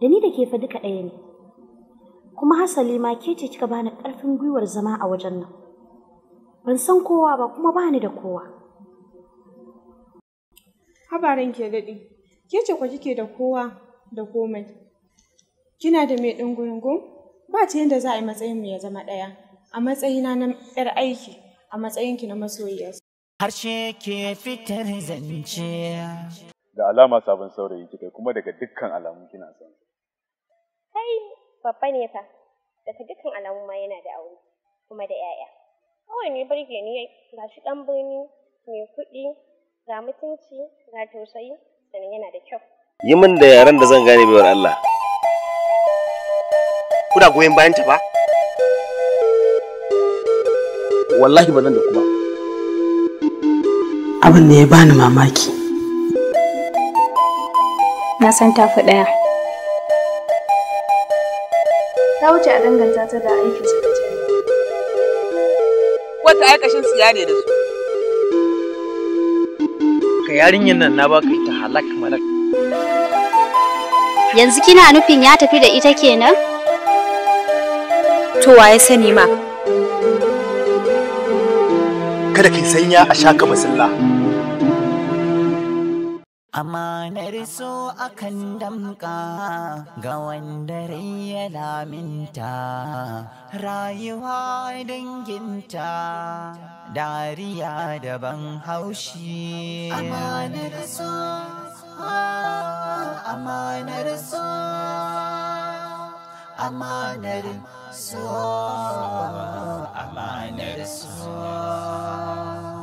da ni da ke fa duka ɗaya ne kuma hasali ma ke ce kika bani ƙarfin gwiwar zama a wajen nan ban san kowa ba kuma bani da kowa habarin ke daɗi ke ce kwa kike da kowa da komai kina da mai ɗungurungun ba ta yadda za a yi matsayinmu ya zama ɗaya a matsayina na 'yar aiki a matsayinki na masoyiyarsa harshe ke fitar zance. Da alama sabon saurayi kika kuma daga dukkan alamu kina son. Kai babba ne fa, daga dukkan alamu ma yana da aure kuma da 'ya'ya. Kawai ne barge ni ga shi ɗan birni mai kuɗi ga mutunci ga tausayi sannan yana da kyau. Yi min da yaren da zan gane baiwar Allah. Kuna goyon bayanta ba? Wallahi ba nan da kuma. abin da ya bani mamaki na san tafi ɗaya ta wuce a danganta ta da aikin su wata aikashin su yare da su ka yarinyar nan na baka ita halak malak yanzu kina nufin ya tafi da ita kenan to waye sani ma kada ki sanya a shaka masalla. Amanar so akan damka ga wanda rai ya laminta, rayuwa danginta, dariya daban haushi. Ah, amanar so, amanar so, amanar so, amanar so.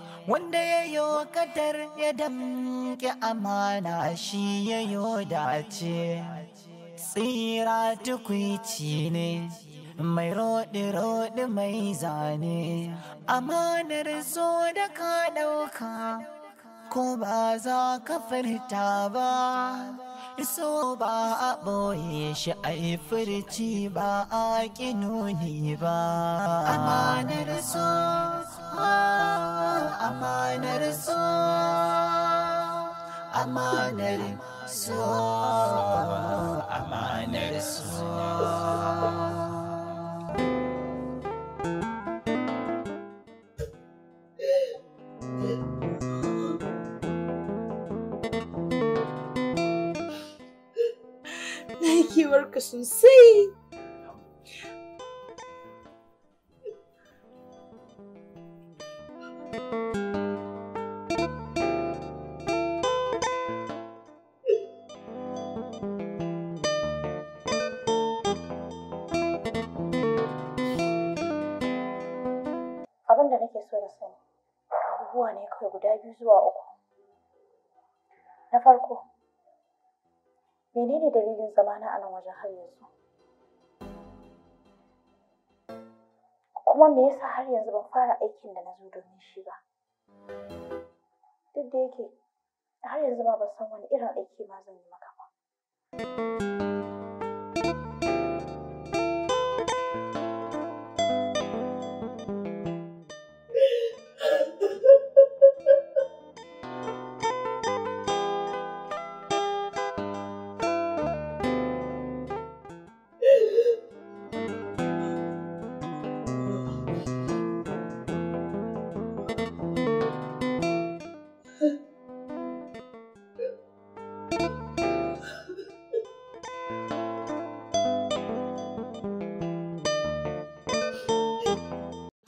wanda ya yo kadar ya damke amana shi ya yo dace tsira tukwici ne mai roɗi-roɗi mai zane amanar zo da ka ɗauka ko ba za ka furta ba iso ba a ɓoye shi a yi furci ba a nuni ba amanar so amanar so amanar so amanar so sosai abin da nake so na sani abubuwa ne kawai guda biyu zuwa uku na farko menene dalilin zamana na anan wajen har yanzu kuma me yasa har yanzu ban fara aikin da na zo domin shi ba duk da yake har yanzu ma ban san wani irin aiki ma zan yi maka ba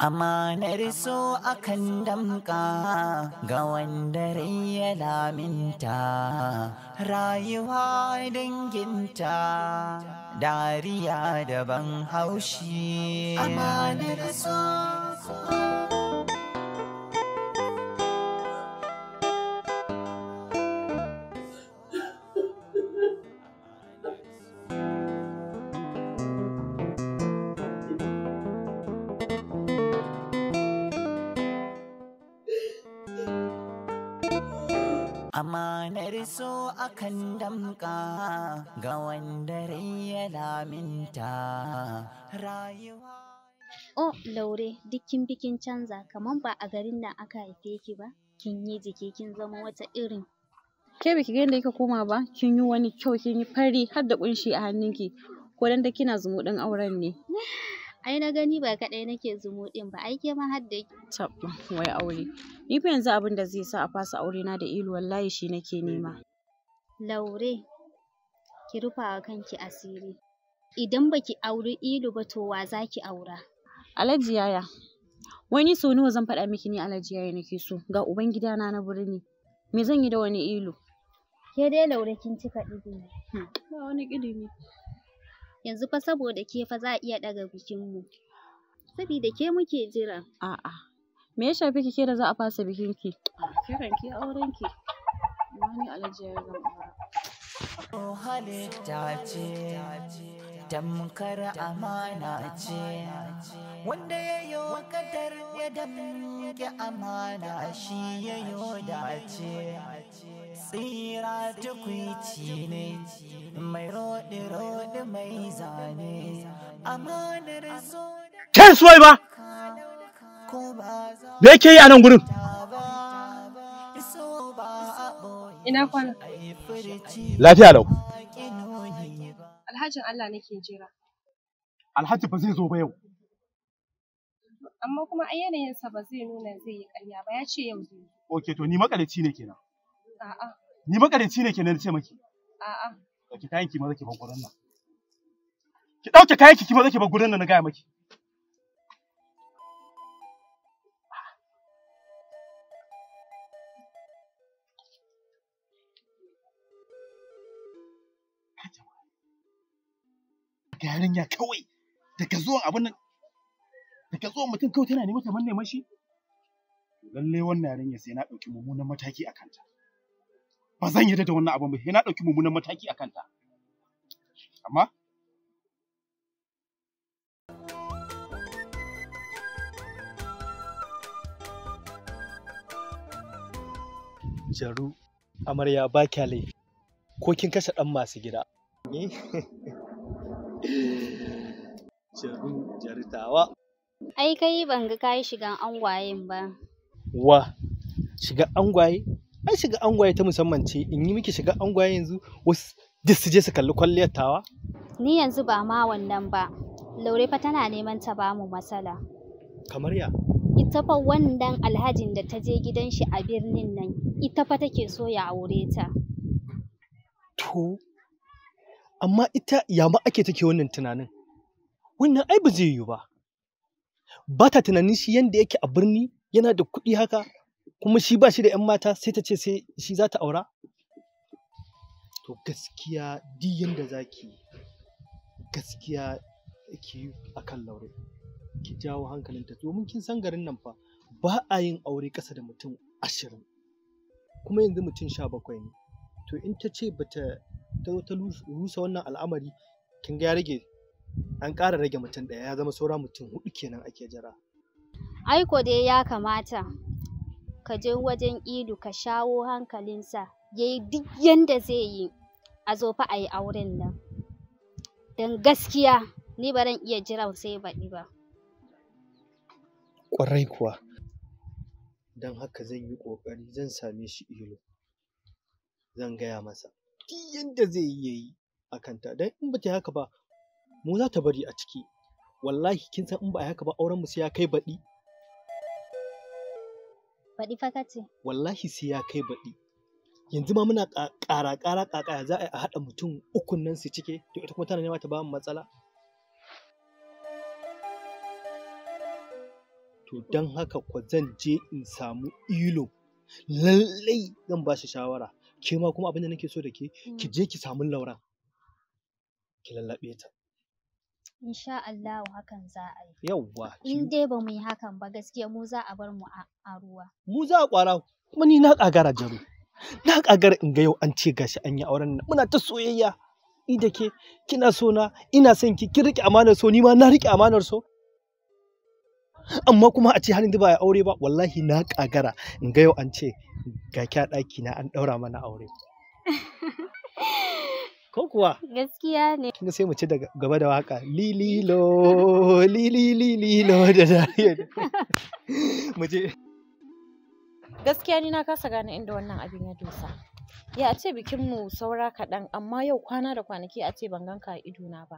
Amanar riso akan damka ga wanda ya laminta, rayuwa danginta, dariya daban haushi. Amanar so. amanar so akan damka ga wanda ya laminta rayuwa. Oh, Laure, dukkin bikin canza kamar ba a garin nan aka haife ki ba, kin yi jiki kin zama wata irin. Ke biki ga yadda kika koma ba, kin yi wani kyau, kin yi fari har da kunshi a hannunki, ko dan da kina zumuɗin auren ne. ai na gani ba kaɗai nake zumuɗin ba ai ke ma har da tabba wai aure ni fa yanzu abin da zai sa a fasa aure na da ilu wallahi shi nake nema laure ki rufa wa kanki asiri idan baki auri ilu ba to wa zaki aura alhaji yaya wai ni sau nawa zan faɗa miki ni alhaji yaya nake so ga uban gidana na birni me zan yi da wani ilu ke dai laure kin cika ɗibi hmm. ba wani ƙidi ne yanzu fa saboda ke fa za a iya ɗaga bikinmu. Sabida ke muke jira. A'a. Me ya shafi kike da za a fasa bikinki? ki? kan ki aurenki. Wani alhaji ya zama aure. ta ce, tamkar amana ce. wanda ya yi wa kadar ya damke amana shi ya yi dace tsira tukwici ne mai roɗi-roɗi mai zane amanar zo da suwai ba da yake yi a nan gurin ina kwana lafiya lau alhajin Allah nake jira alhaji ba zai zo ba yau amma kuma a yanayin sa ba zai nuna zai yi ƙarya ba ya ce yau zai yi. Ok to ni makalici ne kenan. A'a. Ni makalici ne kenan ce maki. A'a. Ɗauki kayan ki maza ki bar gurin nan. Ki ɗauke kayan ki maza ki bar gurin nan na gaya maki. Ga yarinya kawai daga zuwan abin nan daga tsohon mutum kawai tana neman ta neman shi lalle wannan yarinya sai na ɗauki mummunan mataki a kanta ba zan yarda da wannan abin ba sai na ɗauki mummunan mataki a kanta amma jaru amarya ba kya ko kin kashe ɗan masu gida jaru jaritawa Ai kai ban ga kayi shigan angwayen ba. Wa shiga angwaye? Ai shiga angwaye ta musamman ce in yi miki shiga angwaye yanzu wasu duk su je su kalli kwalliyar tawa? Ni yanzu ba ma wannan ba. Laure fa tana neman ta ba mu matsala. Kamar ya? Ita fa wannan alhajin da ta je gidan shi a birnin nan, ita fa take so ya aure ta. To, amma ita ya ma ake take wannan tunanin? Wannan ai ba zai yiwu ba. ba ta tunanin shi yanda yake a birni yana da kuɗi haka kuma shi ba shi da 'yan mata sai ta ce sai shi za ta aura to gaskiya duk yanda za ki gaskiya ki yi a kan laure ki jawo hankalinta domin kin san garin nan fa ba a yin aure ƙasa da mutum ashirin kuma yanzu mutum sha bakwai ne to in ta ce bata ta rusa wannan al'amari kin ga ya rage an ƙara rage mutum ɗaya ya zama saura mutum hudu kenan ake jira aiko dai ya kamata ka je wajen idu ka shawo hankalinsa ya yi duk yadda zai yi a zo a yi auren nan don gaskiya ni ba zan iya jira sai baɗi ba ƙwarai kuwa don haka zan yi ƙoƙari zan same shi Ilo zan gaya masa duk yadda zai yi ya yi a kanta don in ba ta haka ba mu za ta bari a ciki wallahi kin san in ba haka ba auren mu sai ya kai baɗi baɗi fa kace wallahi sai ya kai baɗi yanzu ma muna ƙara ƙara ƙaƙa za a haɗa mutum ukun nan su cike to ita kuma tana nema ta ba mu matsala to don haka kwa zan je in samu ilo lallai zan ba shi shawara ke ma kuma abin da nake so da ke ki mm. je ki samu laura ki lallaɓe ta Insha Allahu hakan za a yi. Yawwa. In dai ba mu yi hakan ba gaskiya mu za a bar mu a ruwa. Mu za a kwara kuma ni na kagara jaro. Na kagara in ga yau an ce gashi an yi auren nan muna ta soyayya. Ni da ke kina so na ina son ki kin rike amanar so ni ma na rike amanar so. Amma kuma a ce har yanzu ba ya aure ba wallahi na kagara in ga yau an ce ga kya ɗaki na an ɗaura mana aure. ko kuwa gaskiya ne kinga sai mu ci da gaba da waka lililo lilililo da dariya mu je gaskiya ni na kasa gane inda wannan abin ya dosa ya ce bikin mu saura kaɗan amma yau kwana da kwanaki a ce ban ganka a idona ba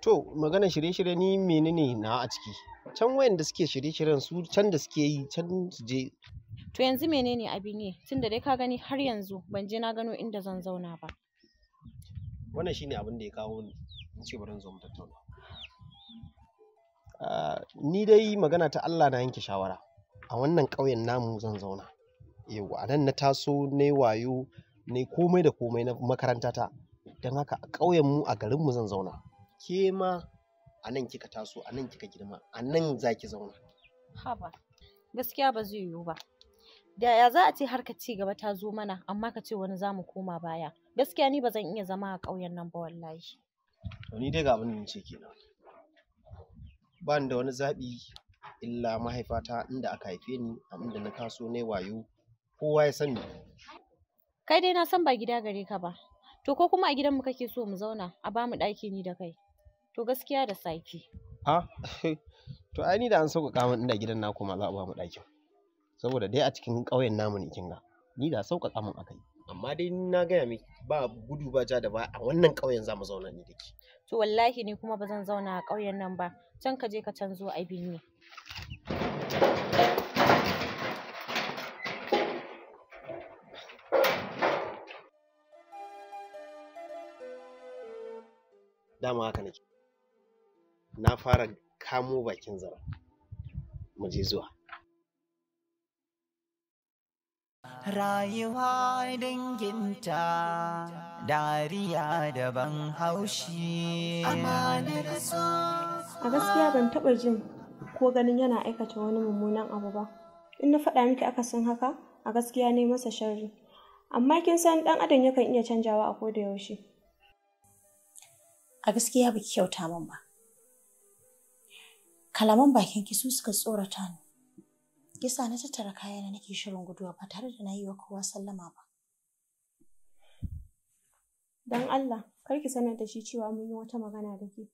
to magana shirye-shirye ni menene na a ciki can da suke shirye-shiryen su can da suke yi can su je to yanzu menene abin yi tunda dai ka gani har yanzu ban je na gano inda zan zauna ba wannan shine abin da ya kawo ni in ce bari zo mu tattauna ah, ni dai magana ta Allah na yanke shawara a wannan ƙauyen namu zan zauna yau a nan na taso ne wayo ne komai da komai na makaranta ta don haka a ƙauyen mu a garin mu zan zauna ke ma a nan kika taso a nan kika girma a nan za ki zauna haba gaskiya ba zai yiwu ba da ya za a ce har ka ci gaba ta zo mana amma ka ce wani za mu koma baya gaskiya ni ba zan iya zama a ƙauyen nan ba wallahi to ni dai ga abin da ce kenan ba ni da wani zaɓi illa mahaifata inda aka haife ni a inda na taso ne wayo kowa ya sani kai dai na san ba gida gare ka ba to ko kuma a gidan mu kake so mu zauna a bamu ɗaki ni da kai to gaskiya da saki a to ai ni da an sauƙaƙa min inda gidan naku ma za a bamu ɗakin saboda dai a cikin ƙauyen namu ne kinga ni da sauƙaƙa min akai amma dai na gaya miki ba gudu ba ja da ba a wannan ƙauyen za mu zauna ni da ke to wallahi ni kuma ba zan zauna a ƙauyen nan ba can ka je ka can zo a binne dama haka na fara kamo bakin zara mu je zuwa rayuwa danginta dariya da ban haushi a gaskiya ban taba jin ko ganin yana aikata wani mummunan abu ba in na faɗa miki aka akasin haka a gaskiya ne masa sharri amma kin san ɗan adam yakan iya canjawa a koda yaushe a gaskiya baki kyauta min ba kalaman bakin ki su suka tsorata ni yasa na tattara kayana nake shirin guduwa ba tare da na yi wa kowa sallama ba. Don Allah, kar ki sanar da shi cewa mun yi wata magana da ke.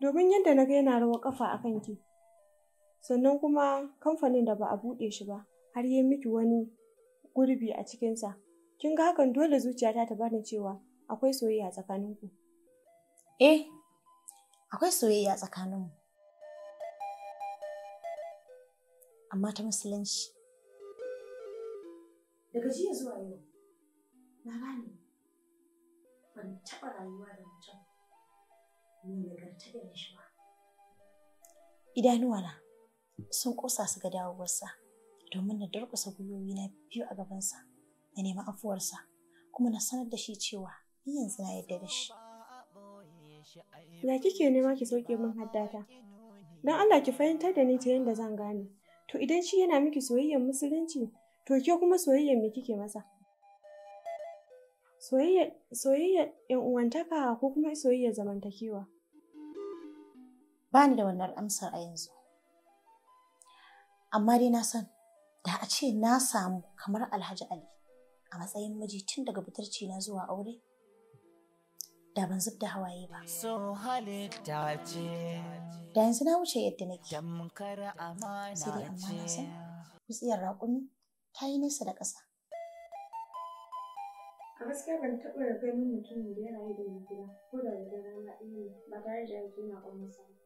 Domin yadda na ga yana rawa kafa a kanki, sannan kuma kamfanin da ba a buɗe shi ba, har yi miki wani gurbi a cikinsa. Kin ga hakan dole zuciyata ta bani cewa akwai soyayya tsakaninku. Eh, akwai soyayya tsakaninmu. amma ta musulunci. Daga jiya zuwa yau, na gane ban taɓa rayuwa da mutum mai nagarta da shi Idanuwa Idanuwana sun ƙosa su ga dawowarsa domin na durƙusa na biyu a gabansa na nema afuwarsa kuma na sanar da shi cewa ni yanzu na yarda da shi. Ya kike nema ki sauke min haddata? Don Allah ki fahimtar da ni ta yadda zan gane. To idan shi yana miki soyayyar musulunci, to ke kuma soyayyar me kike masa? Soyayyar ‘yan uwantaka ko kuma soyayyar zamantakewa? Ba ni da wannan amsar a yanzu. Amma dai na san, da a ce na samu kamar Alhaji Ali a matsayin miji tun daga butarci na zuwa aure, da ban zub da hawaye ba. Da yanzu na wuce yadda nake. Sai dai amma na san raƙumi ta yi nesa da ƙasa. A gaskiya ban taɓa ganin mutumin da yana yi da gida ko da wajen rana ɗaya ba tare da yanzu na ƙwamasa ba.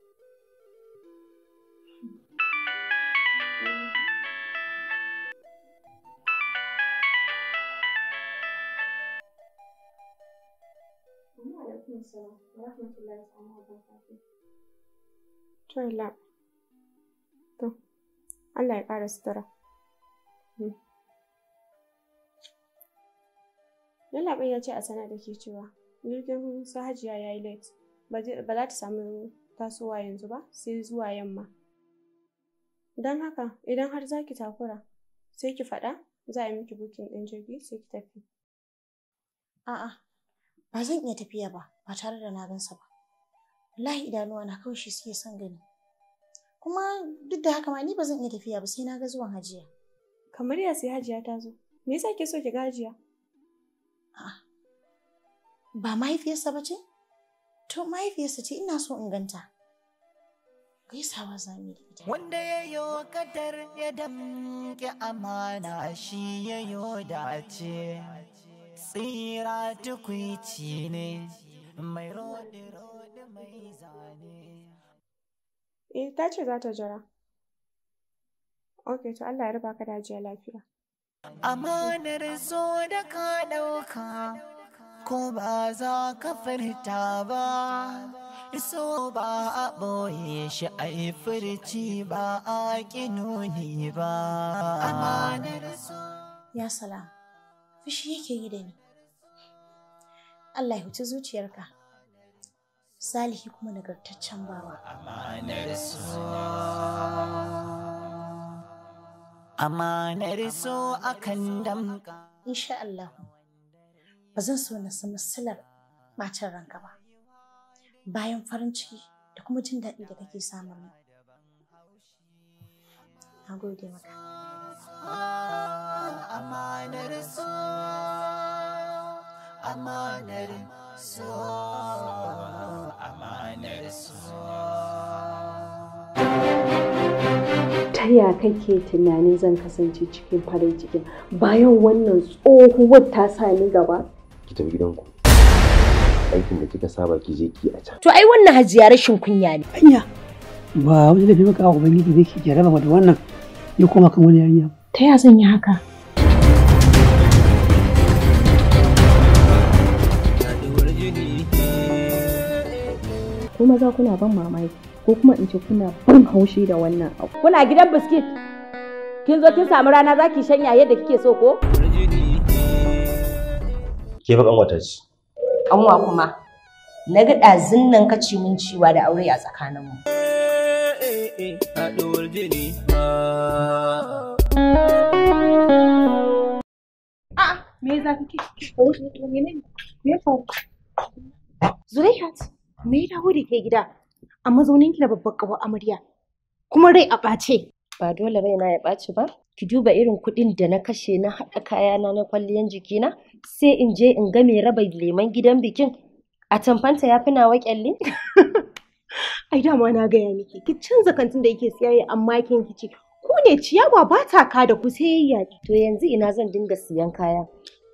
alaikum salam wa rahmatullahi ta'ala wa barakatuh. To Allah. To Allah ya ƙara sutura. ya ce a sana da ke cewa jirgin Musa hajiya ya yi late ba za ta samu tasowa yanzu ba sai zuwa yamma. Don haka idan har za ki takura sai ki faɗa za a yi miki bukin ɗin jirgi sai ki tafi. A'a, ba zan iya tafiya ba ba tare da na gansa ba wallahi idanuwa na kawai shi suke son gani kuma duk da haka ma ni ba zan iya tafiya ba sai na ga zuwan hajiya kamar ya sai hajiya ta zo me yasa ke so ki ga hajiya ba mahaifiyarsa ba ce to mahaifiyarsa ce ina so in ganta gaisawa za mu yi wanda ya yi kadar ya damke amana shi ya yi dace tsira tukwici ne mai rode-rode mai zane eh ta ce za ta jira ok to Allah ya raba ka da jiya lafiya amanar so da ka ɗauka ko ba za ka furta ba so ba a ɓoye shi a yi furci ba a ƙinoni ba amanar zo ya salam fushi yake yi da ni Allah ya huci zuciyarka salihi kuma nagartaccen bawa amanar so akan damka insha Allah ba zan so na samu silar macen ranka ba bayan farin ciki da kuma jin daɗi da kake samun mu na gode maka ta ya kake tunanin zan kasance cikin farin cikin bayan wannan tsohuwar ta sa gaba? Ki tafi gidanku. Aikin da kika saba ki je ki a can. To ai wannan hajiya rashin kunya ne. Anya ba wani da maka a ne ke ki jaraba da wannan ya koma kan wani yarinya ta ya zan yi haka Kuma za kuna ban mamaki ko kuma in ce kuna ban haushi da wannan abu kuna gidan biskit kin zo kin samu rana zaki shanya yadda kike so ko ke fa kanwata ce kanwa kuma na ga ɗazin nan kace mun ciwa da aure a tsakaninmu. Eh, eh, eh, me za ka ke da ke gida a mazaunin ki babbar kawo amarya kuma rai a ɓace ba dole raina ya ɓaci ba ki duba irin kuɗin da na kashe na haɗa kayana na kwalliyan jikina sai in je in ga mai raba leman gidan bikin a tamfanta ya fi nawa kyalle ai dama na gaya miki ki canza kantin da yake siyayya amma kin kici ku ne ciyawa ba ta ka da ku sai to yanzu ina zan dinga siyan kaya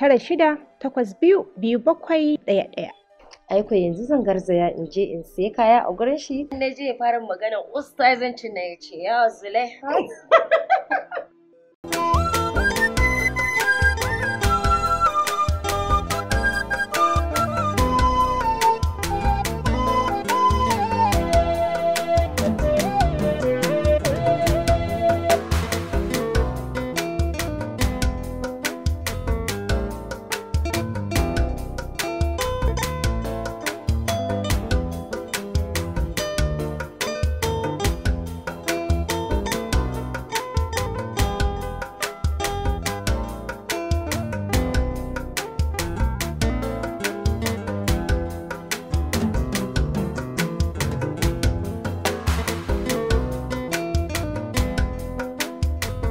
tara shida takwas biyu biyu bakwai ɗaya ɗaya. Aiko yanzu zan garzaya in je in sai kaya a gurin shi. Na je ya fara magana ustazancin na ya ce ya zule.